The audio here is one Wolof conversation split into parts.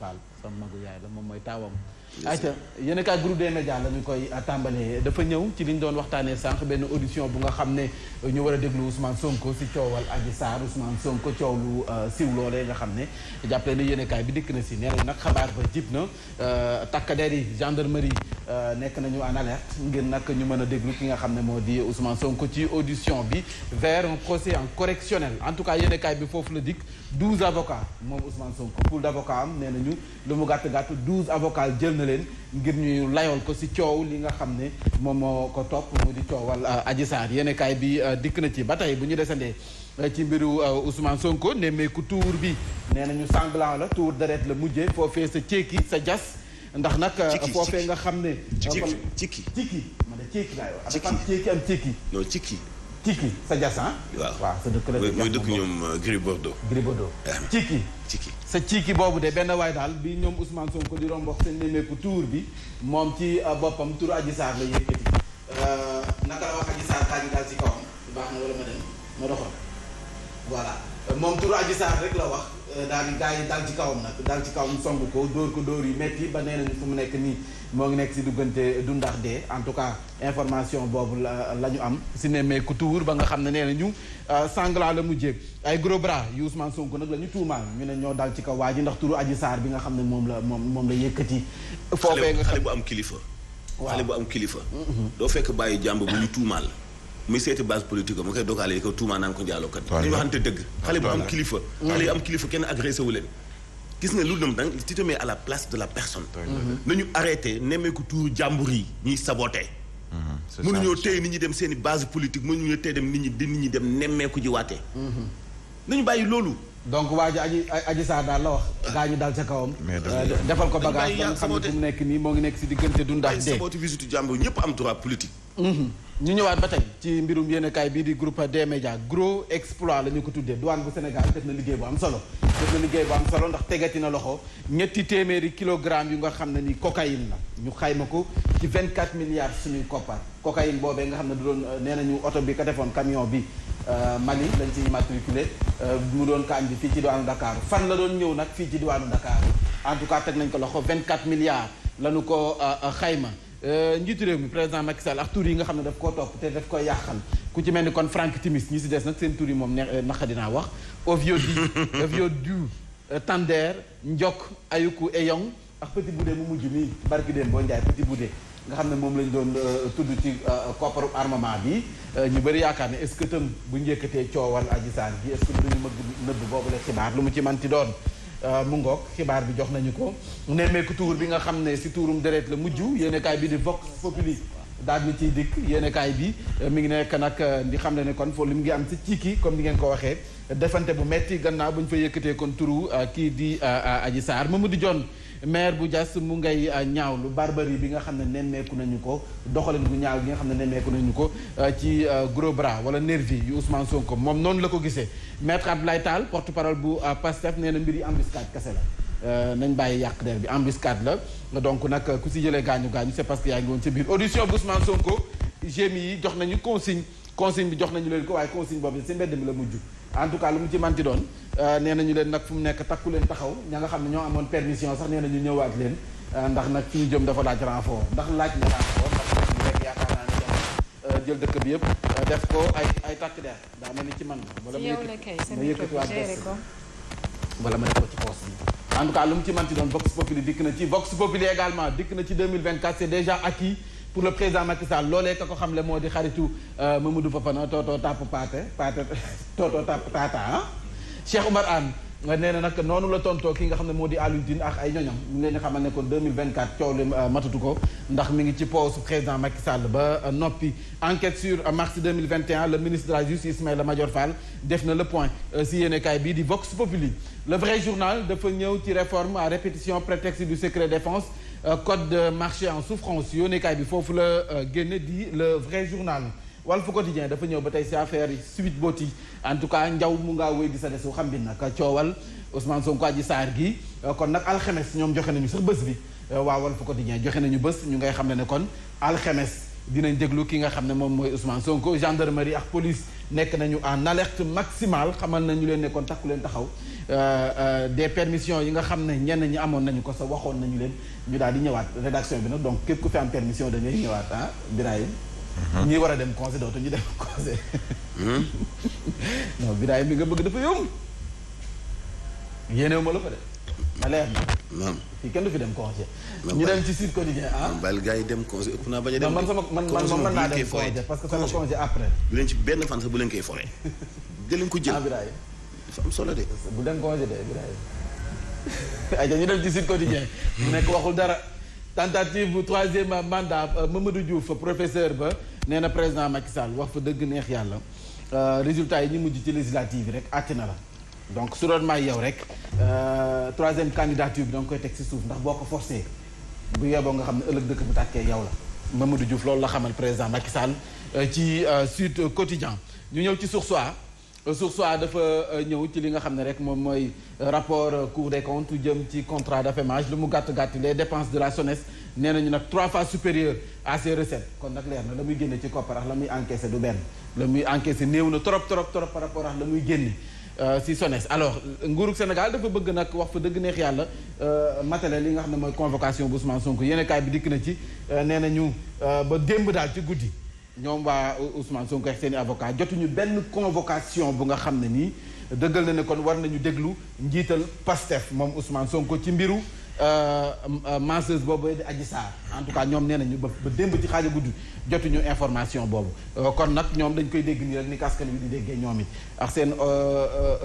Fall sama magu yaay la moom mooy taawam ayca yéen a kaay groupe des médias koy euh, tàmbalee dafa ñëw ci li ñu doon waxtaanee sànq benn audition bu nga xam ne euh, ñu war a déglu Ousmane Sonko si coowal Adji Sarr Ousmane Sonko coow lu euh, siw loolee nga xam ne jàppale na yéen kaay bi dikk na si nee nag xabaar ba jib na takk der yi gendarmerie nekk nañu en alerte ngir nag ñu mën a déglu ki nga xam ne moo di Ousmane Sonko ci audition bi vers un en correctionnel en tout cas yéen bi foofu la dikk douze avocats moom Ousmane Sonko pool d'avocats am nee nañu lu mu gàtt gàtt douze avocats jël na ngir ñu layoon ko ci coow li nga xam ne moom moo ko topp mu di coowal euh, Adji Sarr yéenekaay bi euh, dikk na ci ba tey bu ñu desandee euh, ci mbiru Ousmane Sonko nemmeeku tuur bi nee nañu sanglant la tuur deret la mujjee foofee sa ceeki sa jas ndax nag foofee nga xam ne cikki cikki ma ne ceeki laay wax am ceeki am ceeki non cikki Kiki sa jasan ah? waaw waaw sa dëkk la muy dëkk ñoom euh, Gris Bordeaux Gris Bordeaux Kiki ah. Kiki sa Kiki boobu de benn waay daal bi ñoom Ousmane Sonko di romb wax seen nemmeeku tour bi moom ci euh, boppam tour Adji Sarr la yëkkati euh, naka la wax Adji Sarr taa daal si kawam baax na wala ma dem ma doxal voilà moom tour Adji rek la wax Euh, daal di gars yi daal ci kawam nag daal ci kawam song ko dóor ko dóor yi metti ba nee nañu fu mu nekk nii moo ngi nekk si duggante du ndax dee en tout cas information boobu la ñu am si ne nemmee ku tuur ba nga xam ne nee nañu euh, sangla la mu jéeg ay gros bras yu Ousmane Sonko nag la ñu tuumaal ñu ne ñoo daal ci kaw waa ji ndax turu Adji saar bi nga xam ne moom la moom moom la yëkkati foofee nga xam xale bu am kilifa xale bu am kilifa doo fekk bàyyi jàmb bu ñu muy seeti base politique am ma koy dogaale yi ko tuumaa naan ko njaalookat dañu waxante dëgg xale bu am kilifa xale yu am kilifa kenn agressé leen gis nga lu dem danga tu te mets à la place de la personne nañu arrêté nemmeeku tuur jàmbur yi ñuy saboté mhm, mënuñoo tey nit ñi dem seen i base politique mënuñoo tey dem nit ñi nit ñi dem nemmeeku ji waatee mhm. nañu bàyyi loolu donc waa ji aji aji sax daal la wax. gaa ñu daal ca kawam. Euh, defal ko bagage ba nga xam mu nekk nii moo ngi nekk si diggante dund ak dee. sabooti visite jàmbur ñëpp am droit politique. Mm-hmm. ñu ñëwaat ba tey ci mbirum yéenekaay bii di groupe D-Média gros exploit la ñu ko tuddee douane bu senegal def na liggéey bu am solo. def na liggéey bu am solo ndax tegati na loxo ñetti téeméeri kilogramme yu nga xam ne ni cocaïne la ñu xayma ko ci vingt 24 milliards suñuy koppar cocaïne boobee nga xam ne du doon euh, nee nañu oto bi ka defoon camion bi. Euh, Mali lañ ciy matriculé euh, mu doon kaañ bi fii ci diwaanu Dakar fan la doon ñëw nag fii ci diwaanu Dakar en tout cas teg nañ ko loxo vingt 24 milliards lañu ko euh, xayma njiitu réew mi président Macky Sall ak tur yi nga xam ne daf koo topp te daf koy yàqal ku ci mel ni kon Franck Timis ñu si des nag seen tur yi moom ne naqa dinaa wax Ovio Di Ovio Diu Tander Ndiok Ayuku Eyong ak Petit Boudé mu mujj nii barki déem boo Ndiaye Petit Boudé nga xam ne moom lañ doon euh, tudd ci euh, kopparu armement bi euh, ñu bari yaakaar ne est-ce que tam bu njëkkatee coowal Adji Sarr bi est-ce que duñu nëbb boobu la xibaar lu mu ci manti doon mu ngoog xibaar bi jox nañu ko nemmeeku tuur bi nga xam ne si tuurum deret la mujju yéenekaay bi di Vox Populi daal di ciy dikk yéenekaay bi mi ngi nekk nag di xam ne ne kon foo li mu ngi am si ciiki comme ni ngeen ko waxee defante bu metti gannaaw bu ñu fa yëkkatee kon turu kii di Adji Sarr Mamadou Dione maire bu Diass mu ngay euh, ñaawlu barbarie bi nga xam ne nemmeeku nañu ko doxalin bu ñaaw gi nga xam ne nemmeeku nañu ko euh, ci euh, gros bras wala nervi yu Ousmane Sonko moom noonu la ko gisee maître Abdoulaye Tall porte parole bu Pastef nee na mbir yi embuscade kese la. nañ bàyyi yàq der bi embuscade la donc nag ku jëlee gaañu gaañu c'est que yaa ngi woon ci biir audition Sonko GMI yi jox nañu consigne consigne bi jox nañu leen ko waaye consigne boobu si mbedd mi la mujj. en tout cas lu mu ci manti doon euh, nee nañu leen nag fu mu nekk takku leen taxaw ña nga xam ne ñoo amoon permission sax nee nañu ñëwaat leen euh, ndax nag fi ñu jëm dafa laaj renfort ndax laaj na renfort ndax laaj ñu rek yaakaar euh, jël dëkk bi yëpp def ko ay ay takk der daa mel ci man wala ma yëkkatiwaat wala ma def ko ci poos bi en lu mu ci manti doon vox populi dikk na ci vox populi également dikk na ci 2024 c'est déjà acquis pour le président Macky Sall loolee a ko xam moo di xaritu euh, Mamadou Fofana tootoo tàpp paate paate tootoo tàpp taata ah Cheikh Oumar Anne nee na noonu la tontoo ki nga xam ne moo di Alioune Tine ak ay ñoñam ñu ngi leen di xamal ne kon 2024 coow li euh, matatu ko ndax mi ngi ci poosu président Macky Sall ba euh, noppi enquête sur mars 2021 le ministre de la justice Ismaïla Madior Fall def na le point si yéenekaay bii di Vox Populi le vrai journal dafa ñëw ci réforme à répétition prétexte Euh, code de marché en souffrance yónneekaay bi foofu la euh, génne di le vrai journal Walf Quotidien dafa ñëw ba tey si affaire yi suite yi en tout cas njaw mu ngaa wéy di sa des wu xam bi nag coowal Ousmane Sonko Adji Sarr gi euh, kon nag alxemes ñoom joxe nañu sax bés bi waa Walf Quotidien joxe nañu bës ñu ngay xam ne ne kon alxemes dinañ déglu ki nga xam ne moom mooy Ousmane Sonko gendarmerie ak police nekk nañu en alerte maximale xamal nañu leen nekkoon kon leen taxaw euh, euh, de permissions yi nga xam ne ñenn ñi amoon nañu ko sa waxoon nañu leen ñu daal di ñëwaat rédaction bi nag donc képp ku fi am permission dañuy ñëwaat ah Birahim mhm. ñi war a dem conseil dootu ñu dem conseil hmm? non Birahim bi nga bëgg dafa yomb yéenewu ma la fa de ma na maam fii kenn du fi dem congé. ñu dem ci Sud Quotidien ah. bàyyi gars yi dem congé ëpp naa bañ a dem. man sama man man mën naa dem congé parce que sama congé après. bu leen ci benn fan sax bu leen koy foree. jëlee ko jël dafa am solo de. bu dem congé de Ibrahima. ayca ñu dem ci Sud Quotidien. mu nekk waxul dara. tentative bu troisième mandat euh, Mamadou Diouf professeur ba nee na président Macky Sall wax fa dëgg neex yàlla euh, résultat yi ñu mujj ci législative yi rek àtte na la. donc su may yow rek euh, troisième candidature bi da koy teg si suuf ndax boo ko forcé bu yeboo nga xam ne ëllëg dëkk bu tàkkee yow la Mamadou Diouf loolu la xamal président Macky Sall euh, ci euh, Sud Quotidien ñu ñëw ci Source A Source A dafa ñëw ci li nga xam ne rek moom mooy rapport Cour des comptes jëm ci contrat d'affermage lu mu gàtt gàtt les dépenses de la SONES nee nag trois fois supérieur à kon nag leer na la muy génne ci koppar la muy encaissé du benn la muy encaissé néew na trop trop trop par rapport ak la muy génne Euh, si SONES alors nguurug Sénégal dafa bëgg nag wax fa dëgg neex yàlla euh, matale li nga xam ne mooy convocation bu Ousmane Sonko yéen kaay bi dikk na ci euh, nee nañu ba démb daal ci guddi ñoom waa Ousmane Sonko ak seen i avocat jotuñu benn convocation bu nga xam ne nii dëggal na ne kon war nañu déglu njiital Pastef moom Ousmane Sonko ci mbiru Euh, euh, masseuse boobu di Adji Sarr en tout cas ñoom nee nañu ba ba démb ci xaaju guddi jotuñu information boobu euh, kon nag ñoom dañ koy dégg nii rek ni kaskan wi di déggee ñoom it ak seen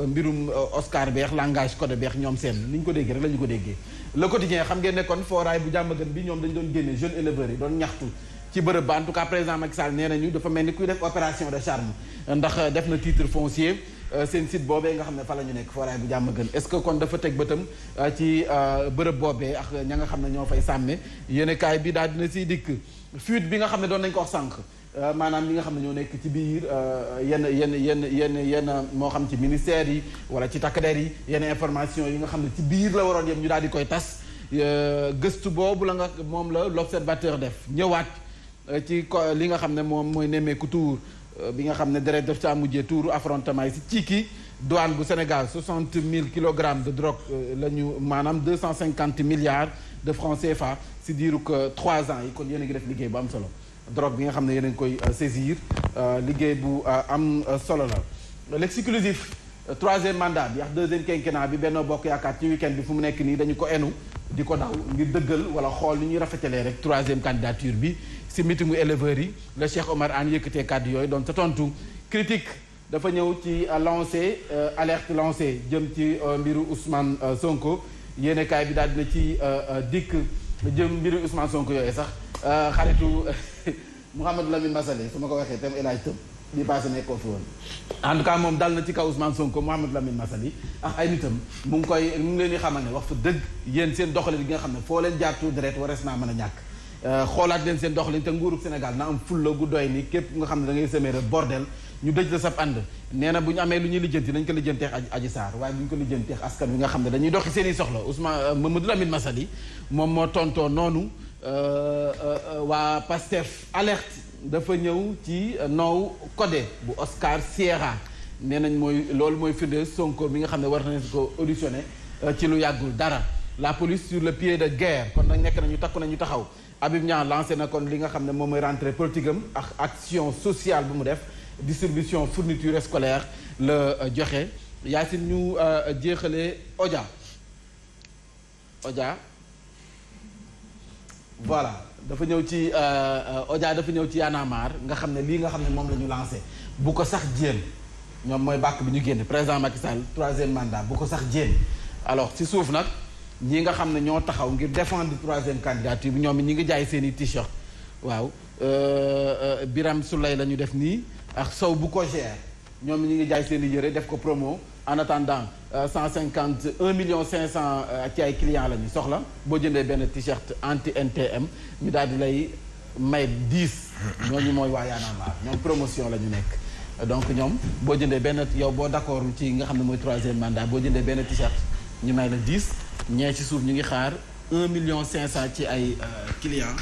mbirum Oscar beex langage code beex ñoom seen ni ñu ko déggee rek la ñu ko déggee le xam ngeen ne kon fooraay bu jàmbagan bi ñoom dañ doon génne jeunes éleveurs yi doon ñaxtu ci bërëb ba en tout cas président Macky Sall nee nañu dafa mel ni kuy def opération de charme ndax def na titre foncier Euh, seen site boobee nga xam ne fa la ñu nekk fooraay bu jàmm gën est-ce que kon dafa teg bëtam euh, ci euh, bërëb boobee ak ña nga xam ne ñoo fay sàmme yéen kaay bi daal dina siy dikk fuite bi nga xam ne doon nañ ko wax sànq maanaam ñi nga xam ne ñoo nekk ci biir yenn yenn yenn yenn yenn moo xam ci ministère yi wala ci takk der yi yenn information yi nga xam ne ci biir la waroon yem ñu daal di koy tas gëstu boobu la nga moom la l'observateur def ñëwaat ci li nga xam ne moom mooy nemmeeku tuur Euh, bi nga xam ne deret daf caa mujjee tuuru affrontement yi si Cikki douane bu Sénégal soixante mille kilogrammes de drogue euh, la ñu maanaam deux cent cinquante milliards de francs CFA si diiru que trois ans yi ko yéen a def liggéey bu am solo drogue bi nga xam ne yéen a ngi koy euh, bu am solo la l'exclusif troisième mandat bi ak deuxième quinquennat bi Benno Bokk Yaakaar ci week bi fu mu nekk nii dañu ko enu di ko daw ngir dëggal wala xool ni ñuy rafetalee rek troisième candidature bi si meetingu éleveurs yi la Cheikh Omar yëkk yëkkatee kàddu yooyu doon sa tontu critique dafa ñëw ci lancé euh, alerte lancé jëm ci euh, mbiru Ousmane euh, Sonko yéene kaay bi daal dina ci dikk jëm mbiru Ousmane Sonko yooyu sax xaritu Mouhamadou Lamine Massalé su ma ko waxee tam El Hadj Tëm di passé nekkoo fi woon en tout cas moom dal na ci kaw Ousmane Sonko Mouhamadou Lamine Massalé ak ay nitam mu ngi koy mu ngi leen di xamal ne wax dëgg yéen seen doxalin gi nga xam ne foo leen jaar tuuti deret naa mën a ñàkk. Euh, xoolaat leen seen doxalin te nguurug Sénégal na am fulla gu doy ni képp nga xam ne dangay ngay semer bordel ñu dëj la sab ànd nee na bu ñu amee lu ñuy lijjanti dañ ko lijjanteex aji saar waaye bu ñu ko lijjanteex askan bi nga xam ne dañuy doxi seen i soxla Ousmane euh, Mamadou Lamine Massaly moom moo tontoo noonu euh, waa Pastef alerte dafa ñëw ci noow codé bu Oscar Sierra nee nañ mooy loolu mooy firnde Sonko bi nga xam ne war nañ ko auditionné ci lu yàggul dara la police sur le pied de guerre kon nag nekk nañu takku nañu taxaw Habib Niang lancé na kon li nga xam ne moom mooy rentrée politique ak action sociale bu mu def distribution fourniture scolaire la euh, joxe Yacine ñu euh, jeexale oja oja voilà dafa ñëw ci euh, Odia dafa ñëw ci Y'en nga xam ne lii nga xam ne moom la ñu lancé bu ko sax jéem ñoom mooy bàkk bi ñu génn présent Macky Sall troisième mandat bu ko sax jéem alors ci suuf nag ñi nga xam ne ñoo taxaw ngir défendre troisième candidature bi ñoom it ñi ngi jaay seeni i t-shirt waaw euh, euh, Biram Souley la ñu def nii ak Sow bu ko gère ñoom ñi ngi jaay seen i yëre def ko promo en attendant euh, cent cinquante un million cinq cent ci ay clients la ñu soxla boo jëndee benn t-shirt anti NTM ñu daal di lay may dix ñooñu mooy waa a marre ñoom promotion la ñu nekk donc ñoom boo jëndee benn yow boo d'accord ci nga xam ne mooy troisième mandat boo jëndee benn t-shirt ñu may la dix ñee si suuf ñu ngi xaar un million cinq cent ci ay euh, clients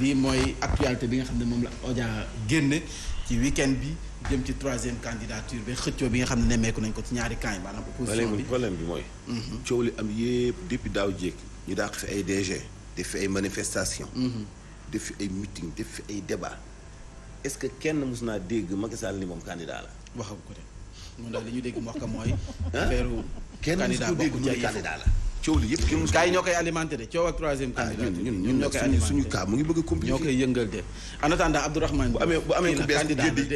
lii mooy actualité bi nga xam ne moom la Odia génne ci week-end bi jëm ci troisième candidature bi xëccoo bi nga xam ne nemmeeku nañ ko ci ñaari camp yi maanaam opposition bi problème bi mooy mhm. coow li am yépp depuis daaw jéeg ñu dàq fi ay DG def ay manifestation mhm. def fi ay meeting def ay débat est-ce que kenn mos naa dégg Macky Sall ni moom candidat la waxagu ko de moom daal li ñu dégg mu wax ko mooy affaire candidat bokk coow li yëpp kenn. gars yi ñoo koy alimenté de coow ak troisième ah, candidat ñun ñun ñun ñoo koy alimenté suñu cas mu ngi bëgg a compliqué. ñoo koy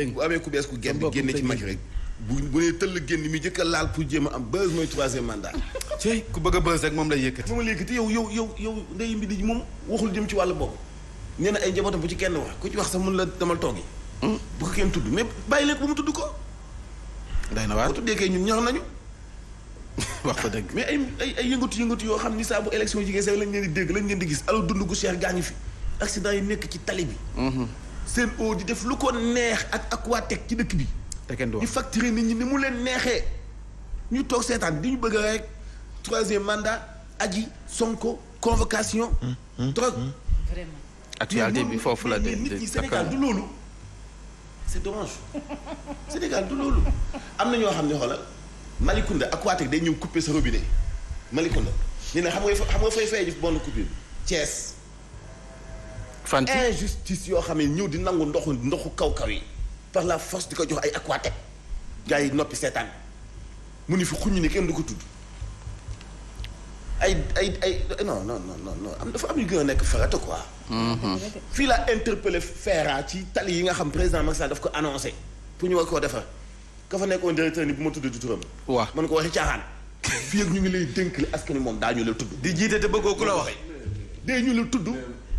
bu amee ku bees ku génn bu amee ku bees ku génn génn ci mag rek. bu bu nee tëll a a am buzz mooy troisième mandat. yow yow yow ndey mbi di moom waxul jëm ci wàllu boobu nee na ay njabootam bu ci kenn wax ku ci wax sax mun la demal toogi hmm? bu ko kenn tudd mais bàyyi leen bu mu tudd ko. day na waar bu tuddee kay ñun ñor nañu. wax ko dëgg mais ay ay yëngatu yëngatu yoo xam ni saabu bu élection jigéen sax lañ leen di dégg lañ leen di gis alors dund gu cher gaa ngi fi accident yi nekk ci tali bi. Mhm. seen eau di def lu ko neex ak Aquatec ci dëkk bi. te kenn du wax ñu facturé nit ni mu leen neexee ñu toog seetaan di ñu bëgg rek troisième mandat aji Sonko convocation. drogue. Mhm, mhm, vraiment. actualité bi foofu la de nit ñi Sénégal du loolu. c'est dommage Sénégal du loolu am na ñoo xam ne xoolal. Malicounda aquatique day ñëw couper sa robinet Malicounda ñu ne xam nga xam nga fay fay ñu bonne coupure Thiès. injustice yoo xam ne ñëw di nangu ndoxu ndoxu kaw-kaw yi par la force di ko jox ay aquatec gars yi noppi seetaan mu ni fi xuñu ni kenn du ko tudd ay ay ay non non non am dafa am yu gën a nekk farata quoi. Mhm. fii laa interpellé Ferra ci tali yi nga xam président Macky Sall daf ko annoncé pour ñu war koo defar. ka fa nekkoon directeur ni bu ma tudd di turam. man ko waxi caaxaan. fii ak ñu ngi lay dénk li askan wi moom daa ñu la tudd. di jiite te bëggoo ku la wax. dee ñu la tudd.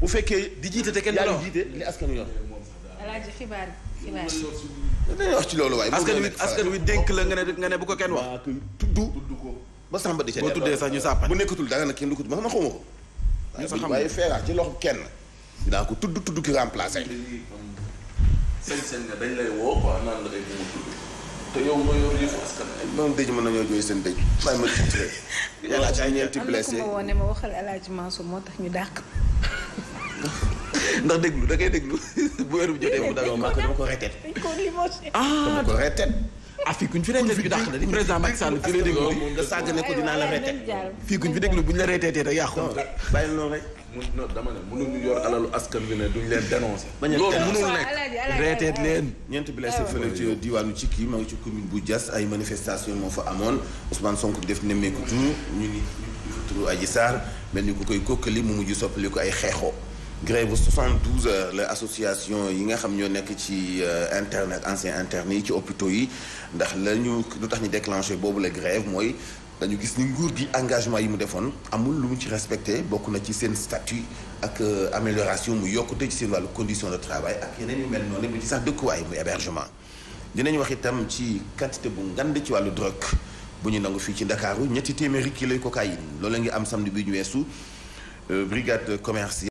bu fekkee di jiite te kenn du la wax jiite li askan wi yor. alaaji xibaar xibaar. dañuy wax ci loolu waaye. askan wi askan wi dénk la nga ne nga ne bu ko kenn wax. tudd ba sàmba di ca boo tuddee sax ñu sàppale bu nekkatul dara nag kenn du ko tudd man xaw ma ko. ñu sax xam waaye feeraa ci kenn. dinaa ko tudd tudd ki remplacé. sëñ sëñ nga dañ lay woo la day mu tudd. te yow nga yor yëfu askan wi. moom dëj mën nañoo jooy seen dëj. bàyyi ma tiitre. El Hadj ay ñeenti blessé am na ku ma woo ñu dàq. ndax déglu da ngay déglu bu wér bu jotee mu daal. dama ko retet dama ko retet ah fii kuñ fi reetee fii dàq la di lay déglu de sàgg ne ko dinaa la retet fii kuñ buñ la reeteetee rek yàqu. bàyyi noonu rek. mun non dama ne mënuñu yor alalu askan bi ne duñ leen dénoncé. bañ a nekk reeteet leen. ñeent blessé ah, fële ci ci kii ma ngi ci commune bu Diass ay manifestation moo fa amoon Ousmane Sonko def nemmeeku tur ñu ni turu Adji Sarr mel ni ku koy kokkali mu mujj soppali ko ay xeexoo. grève bu 72 heures la association yi nga xam ñoo nekk ci euh, interne ak ancien interne yi ci hôpitaux yi ndax la ñu lu tax ñu déclenché boobu la grève mooy. dañu gis ni nguur gi engagement yi mu defoon amul lu mu ci respecté bokk na ci seen statut ak euh, amélioration mu yokkute ci seen wàllu condition de travail ak yeneen yu mel noonu ba ci sax dëkkuwaay muy hébergement dinañu wax itam ci quantité bu ngand ci wàllu drogue bu ñu nangu fii ci Ndakaaru ñetti téeméeri kilo cocaïne loolu la ngi am samedi bi ñu weesu euh, brigade commerciale